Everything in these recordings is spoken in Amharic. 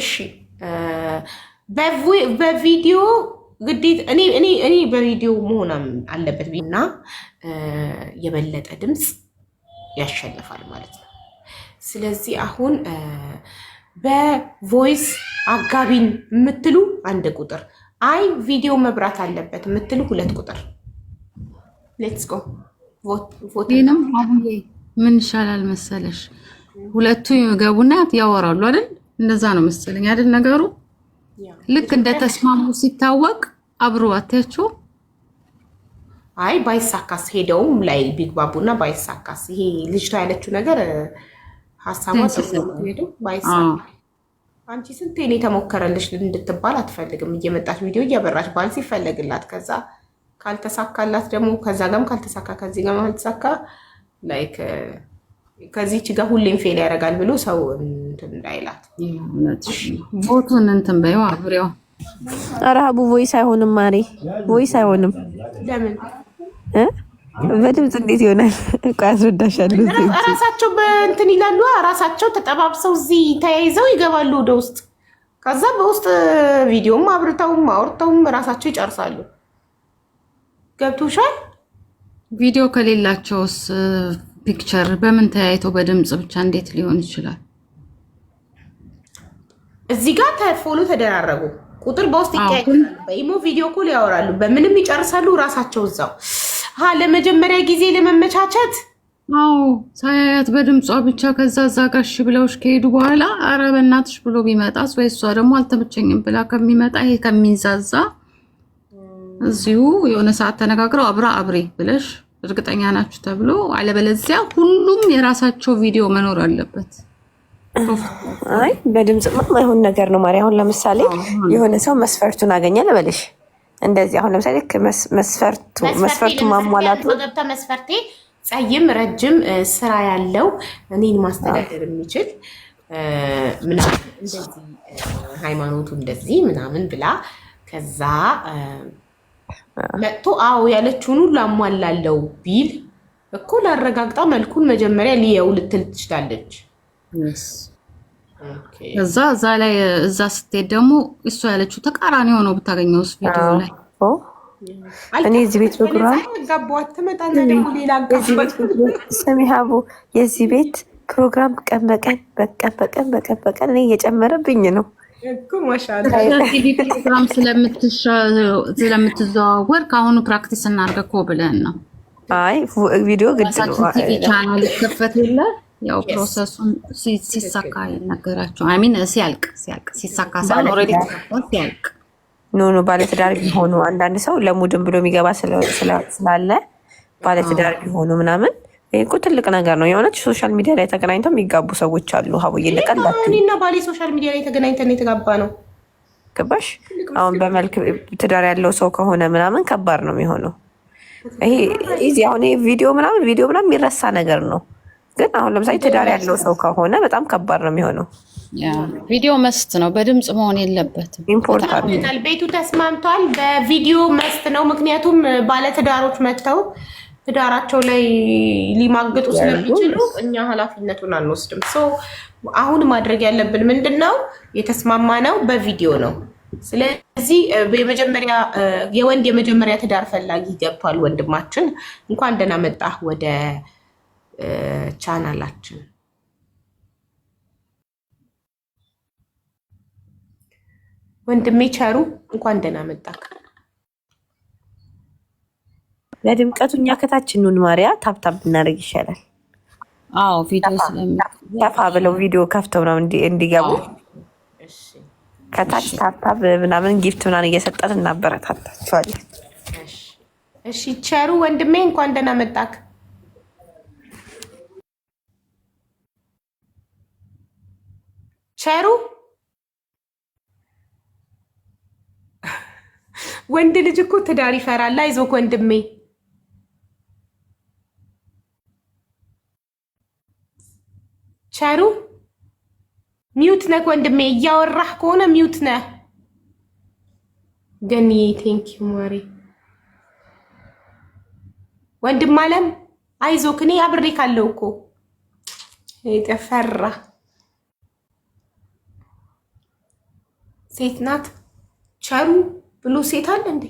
እሺ በቪዲዮ ግዴታ እኔ በቪዲዮ መሆን አለበት እና የበለጠ ድምፅ ያሸንፋል ማለት ነው። ስለዚህ አሁን በቮይስ አጋቢን የምትሉ አንድ ቁጥር፣ አይ ቪዲዮ መብራት አለበት የምትሉ ሁለት ቁጥር። ሌትስ ጎ ምን ይሻላል መሰለሽ? ሁለቱ ይገቡና ያወራሉ አይደል እንደዛ ነው መሰለኝ አይደል ነገሩ። ልክ እንደተስማሙ ሲታወቅ አብሮ አታያቸው። አይ ባይሳካስ ሄደውም ላይ ቢግባቡና ባይሳካስ ይሄ ልጅቷ ያለችው ነገር ሀሳቧ ሄደው ባይሳካ አንቺ ስንት እኔ ተሞከረልሽ እንድትባል አትፈልግም። እየመጣች ቪዲዮ እያበራች ባንስ ይፈለግላት ከዛ ካልተሳካላት ደግሞ ከዛ ጋም ካልተሳካ ከዚህ ጋም ካልተሳካ ላይክ ከዚህች ጋር ሁሌም ፌል ያደርጋል ብሎ ሰው እንትን እንዳይላት ቦቱን እንትን በይው አብሬው አረሀቡ ቮይስ አይሆንም ማሬ ቮይስ አይሆንም ለምን በድምፅ እንዴት ይሆናል እኮ ያስረዳሻለሁ ራሳቸው በእንትን ይላሉ ራሳቸው ተጠባብሰው እዚህ ተያይዘው ይገባሉ ወደ ውስጥ ከዛ በውስጥ ቪዲዮም አብርተውም አውርተውም ራሳቸው ይጨርሳሉ ገብቶሻል ቪዲዮ ከሌላቸውስ ፒክቸር በምን ተያይቶ በድምፅ ብቻ እንዴት ሊሆን ይችላል? እዚህ ጋር ተፎሎ ተደራረጉ። ቁጥር በውስጥ ይቀያየራሉ። በኢሞ ቪዲዮ ኮል ያወራሉ። በምንም ይጨርሳሉ። ራሳቸው እዛው ለመጀመሪያ ጊዜ ለመመቻቸት አዎ ሳያያት በድምጿ ብቻ ከዛ እዛ ጋሽ ብለውሽ ከሄዱ በኋላ አረ በእናትሽ ብሎ ቢመጣስ ወይ እሷ ደግሞ አልተመቸኝም ብላ ከሚመጣ ይሄ ከሚንዛዛ እዚሁ የሆነ ሰዓት ተነጋግረው አብራ አብሬ ብለሽ እርግጠኛ ናችሁ ተብሎ፣ አለበለዚያ ሁሉም የራሳቸው ቪዲዮ መኖር አለበት። አይ በድምፅማ የማይሆን ነገር ነው ማሪ። አሁን ለምሳሌ የሆነ ሰው መስፈርቱን አገኘ ልበልሽ፣ እንደዚህ አሁን ለምሳሌ መስፈርቱ መስፈርቱ ማሟላቱ መስፈርቴ ጸይም፣ ረጅም፣ ስራ ያለው እኔን ማስተዳደር የሚችል ምናምን እንደዚህ ሃይማኖቱ እንደዚህ ምናምን ብላ ከዛ መጥቶ አዎ ያለችውን ሁሉ አሟላለው ቢል እኮ ላረጋግጣ መልኩን መጀመሪያ ልየው ልትል ትችላለች። እዛ እዛ ላይ እዛ ስትሄድ ደግሞ እሷ ያለችው ተቃራኒ ሆነው ብታገኘው ስ ቪዲዮ ላይ እኔ እዚህ ቤት ስሚ የዚህ ቤት ፕሮግራም ቀን በቀን በቀን በቀን በቀን በቀን እኔ እየጨመረብኝ ነው። ፕሮግራም ስለምትዘዋወር ከአሁኑ ፕራክቲስ እናድርግ እኮ ብለን ነው። አይ ቪዲዮ ቻናል ይከፈት የለ ያው ፕሮሰሱን ሲሳካ ይነገራቸው። አይሚን ሲያልቅ ሲያልቅ ሲሳካ ሲያልቅ ኖ ኖ ባለትዳር ቢሆኑ አንዳንድ ሰው ለሙድን ብሎ የሚገባ ስላለ ባለትዳር ቢሆኑ ምናምን እኮ ትልቅ ነገር ነው የሆነች ሶሻል ሚዲያ ላይ ተገናኝተው የሚጋቡ ሰዎች አሉ። ሀቡዬ እኔና ባሌ ሶሻል ሚዲያ ላይ ተገናኝተን የተጋባ ነው። ግባሽ አሁን በመልክ ትዳር ያለው ሰው ከሆነ ምናምን ከባድ ነው የሚሆነው። ይሄ ኢዚ አሁን ይሄ ቪዲዮ ምናምን ቪዲዮ ምናምን የሚረሳ ነገር ነው። ግን አሁን ለምሳሌ ትዳር ያለው ሰው ከሆነ በጣም ከባድ ነው የሚሆነው። ቪዲዮ መስት ነው፣ በድምፅ መሆን የለበትም። ኢምፖርታል ቤቱ ተስማምቷል። በቪዲዮ መስት ነው፣ ምክንያቱም ባለትዳሮች መጥተው ህዳራቸው ላይ ሊማግጡ ስለሚችሉ እኛ ኃላፊነቱን አንወስድም። አሁን ማድረግ ያለብን ምንድን ነው? የተስማማ ነው በቪዲዮ ነው። ስለዚህ የመጀመሪያ የወንድ የመጀመሪያ ትዳር ፈላጊ ገብቷል። ወንድማችን እንኳን ደህና መጣህ ወደ ቻናላችን። ወንድሜ ቸሩ እንኳን ደህና መጣህ። ለድምቀቱ እኛ ከታች ኑን ማሪያ ታብታብ ብናደርግ ይሻላል። አዎ ቪዲዮ ብለው ቪዲዮ ከፍተው ነው እንዲገቡ ከታች ታብታብ ምናምን ጊፍት ምናምን እየሰጠን እናበረታታቸዋለን። እሺ ቸሩ ወንድሜ እንኳን ደህና መጣክ። ቸሩ ወንድ ልጅ እኮ ትዳር ይፈራል። ይዞክ ወንድሜ ሰሩ ሚውት ነክ ወንድሜ፣ እያወራህ ከሆነ ሚውት ገኒ። ቴንክ ዩ ማሪ ወንድም አለም አይዞክ፣ እኔ አብሬ ካለው እኮ የተፈራ ሴት ናት። ቸሩ ብሎ ሴት አለ እንዴ?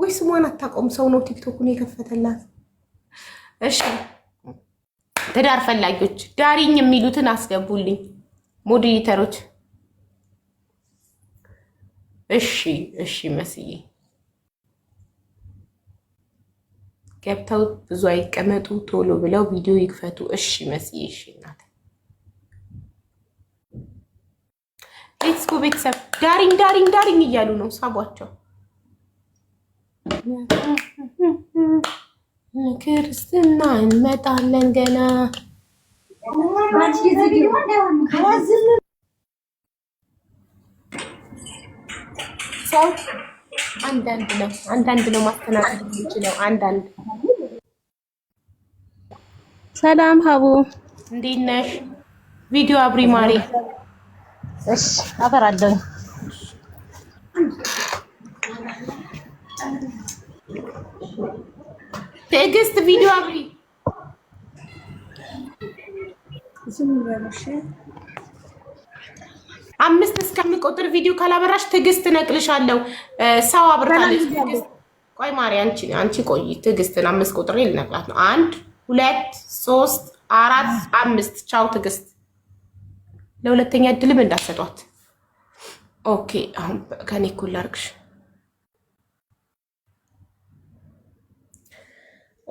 ወይ ስሟን አታውቀውም? ሰው ነው ቲክቶኩን የከፈተላት። እሺ ትዳር ፈላጊዎች ዳሪኝ የሚሉትን አስገቡልኝ ሞዴሬተሮች። እሺ እሺ፣ መስዬ ገብተው ብዙ አይቀመጡ፣ ቶሎ ብለው ቪዲዮ ይክፈቱ። እሺ መስዬ፣ እሺ እናት ቤትስኮ ቤተሰብ ዳሪኝ ዳሪኝ ዳሪኝ እያሉ ነው። ሳቧቸው ክርስትና እንመጣለን ገና ሰው አንዳንድ ነው አንዳንድ ነው ማስተናገድ የሚችለው አንዳንድ። ሰላም ሀቡ እንዴት ነሽ? ቪዲዮ አብሪ ማሪ። እሺ አበራለሁ። ትዕግስት ቪዲዮ አብሪ አምስት እስከምቆጥር ቪዲዮ ካላበራሽ ትዕግስት እነቅልሻለሁ። ሰው አብርታለች። ቆይ ማሪ አንቺ አንቺ ቆይ ትዕግስትን አምስት ቁጥር ልነቅላት ነው። አንድ ሁለት ሶስት አራት አምስት። ቻው ትዕግስት። ለሁለተኛ እድልም እንዳትሰጧት። ኦኬ አሁን ከኔ እኮ ላድርግሽ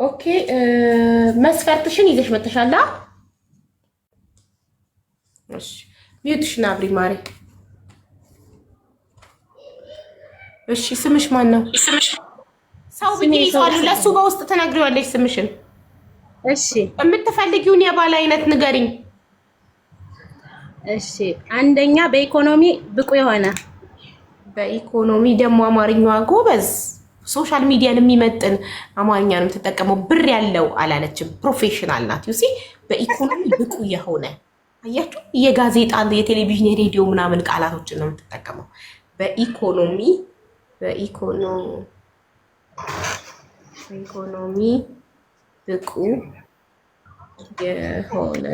ኦኬ መስፈርትሽን ይዘሽ መተሻላ። እሺ ሚዩትሽን አብሪ ማሪ። እሺ ስምሽ ማን ነው? ሰው ብዬ ይዟል። ለሱ በውስጥ ተናግሪዋለሽ ስምሽን። እሺ የምትፈልጊውን የባል አይነት ንገሪኝ። እሺ አንደኛ በኢኮኖሚ ብቁ የሆነ በኢኮኖሚ ደግሞ አማርኛዋ ጎበዝ ሶሻል ሚዲያን የሚመጥን አማርኛ ነው የምትጠቀመው። ብር ያለው አላለችም። ፕሮፌሽናል ናት። ዩሲ በኢኮኖሚ ብቁ የሆነ አያችሁ፣ የጋዜጣ የቴሌቪዥን፣ የሬዲዮ ምናምን ቃላቶችን ነው የምትጠቀመው። በኢኮኖሚ በኢኮኖሚ ብቁ የሆነ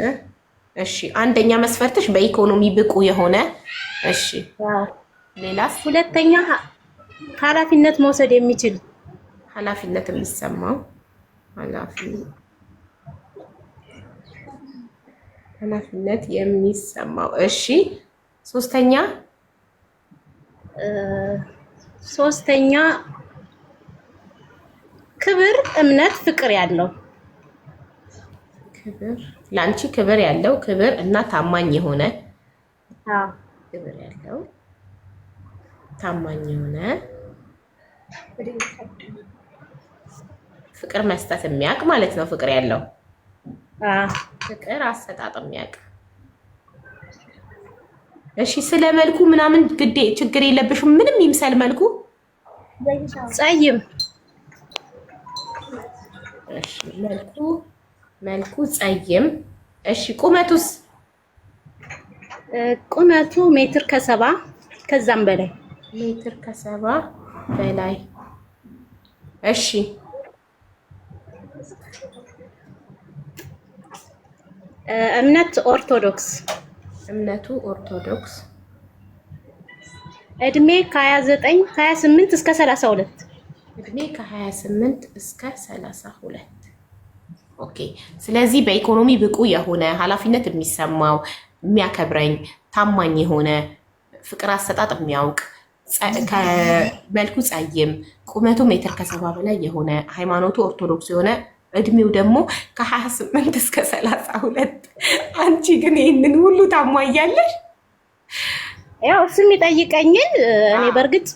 እሺ። አንደኛ መስፈርትሽ በኢኮኖሚ ብቁ የሆነ እሺ። ሌላስ? ሁለተኛ ኃላፊነት መውሰድ የሚችል ኃላፊነት የሚሰማው ኃላፊነት የሚሰማው። እሺ ሶስተኛ ሶስተኛ ክብር፣ እምነት፣ ፍቅር ያለው ክብር ለአንቺ ክብር ያለው ክብር እና ታማኝ የሆነ ክብር ያለው ታማኝ የሆነ ፍቅር መስጠት የሚያውቅ ማለት ነው። ፍቅር ያለው ፍቅር አሰጣጥ የሚያውቅ እሺ። ስለ መልኩ ምናምን ግዴ ችግር የለብሽም። ምንም ይምሰል መልኩ ጸይም መልኩ መልኩ ጸይም። እሺ ቁመቱስ? ቁመቱ ሜትር ከሰባ ከዛም በላይ ሜትር ከሰባ በላይ እሺ እምነት ኦርቶዶክስ እምነቱ ኦርቶዶክስ እድሜ ከ29 28 እስከ 32 እድሜ ከ28 እስከ 32 ኦኬ ስለዚህ በኢኮኖሚ ብቁ የሆነ ኃላፊነት የሚሰማው የሚያከብረኝ ታማኝ የሆነ ፍቅር አሰጣጥ የሚያውቅ መልኩ ጸይም፣ ቁመቱ ሜትር ከሰባ በላይ የሆነ ሃይማኖቱ ኦርቶዶክስ የሆነ እድሜው ደግሞ ከሀያ ስምንት እስከ ሰላሳ ሁለት አንቺ ግን ይህንን ሁሉ ታሟያለሽ? ያው እሱ የሚጠይቀኝን እኔ በእርግጥ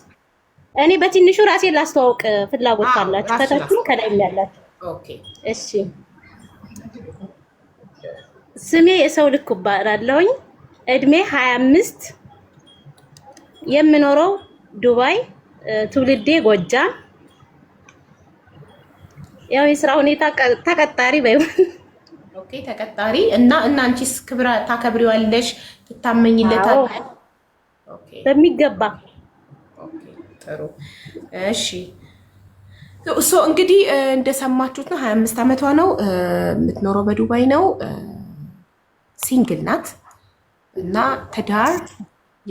እኔ በትንሹ ራሴን ላስተዋውቅ ፍላጎት ካላችሁ ከታችም ከላይም ያላችሁ እሺ። ስሜ የሰው ልክ እባላለሁኝ። እድሜ ሀያ አምስት የምኖረው ዱባይ፣ ትውልዴ ጎጃም። ያው የስራ ሁኔታ ተቀጣሪ ባይሆን ኦኬ፣ ተቀጣሪ እና እና አንቺስ ክብራ ታከብሪዋለሽ፣ ኦኬ በሚገባ። ጥሩ እሺ። ሶ እንግዲህ እንደሰማችሁት ነው። ሀያ አምስት ዓመቷ ነው። የምትኖረው በዱባይ ነው። ሲንግል ናት እና ትዳር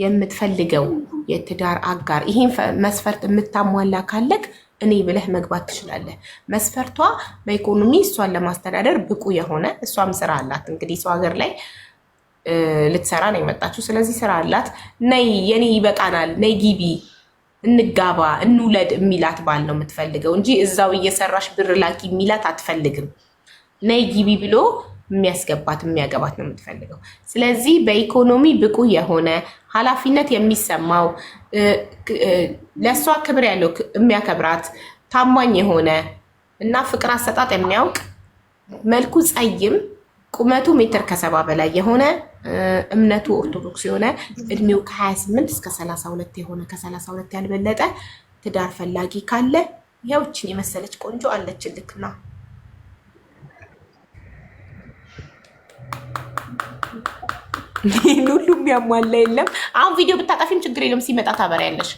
የምትፈልገው የትዳር አጋር ይሄን መስፈርት የምታሟላ ካለክ እኔ ብለህ መግባት ትችላለህ። መስፈርቷ በኢኮኖሚ እሷን ለማስተዳደር ብቁ የሆነ እሷም ስራ አላት። እንግዲህ ሰው ሀገር ላይ ልትሰራ ነው የመጣችው። ስለዚህ ስራ አላት። ነይ የኔ ይበቃናል፣ ነይ ጊቢ እንጋባ፣ እንውለድ የሚላት ባል ነው የምትፈልገው እንጂ እዛው እየሰራሽ ብር ላኪ የሚላት አትፈልግም። ነይ ጊቢ ብሎ የሚያስገባት የሚያገባት ነው የምትፈልገው። ስለዚህ በኢኮኖሚ ብቁ የሆነ ኃላፊነት የሚሰማው ለእሷ ክብር ያለው የሚያከብራት ታማኝ የሆነ እና ፍቅር አሰጣጥ የሚያውቅ መልኩ ጸይም ቁመቱ ሜትር ከሰባ በላይ የሆነ እምነቱ ኦርቶዶክስ የሆነ እድሜው ከ28 እስከ 32 የሆነ ከ32 ያልበለጠ ትዳር ፈላጊ ካለ ያውችን የመሰለች ቆንጆ አለችን። ልክና ሁሉም ያሟላ የሚያሟላ የለም። አሁን ቪዲዮ ብታጠፊም ችግር የለም። ሲመጣ ታበሪያለሽ።